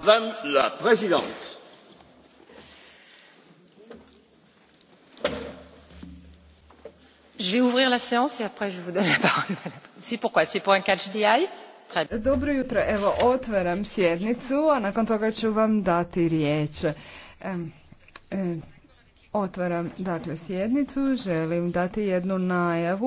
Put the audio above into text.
Madame la Présidente, je vais ouvrir la séance et après je vous donne la parole. C'est pourquoi C'est pour un catch the eye dobro jutro, evo otvaram sjednicu, a nakon toga ću vam dati riječ. otvaram dakle sjednicu, želim dati jednu najavu.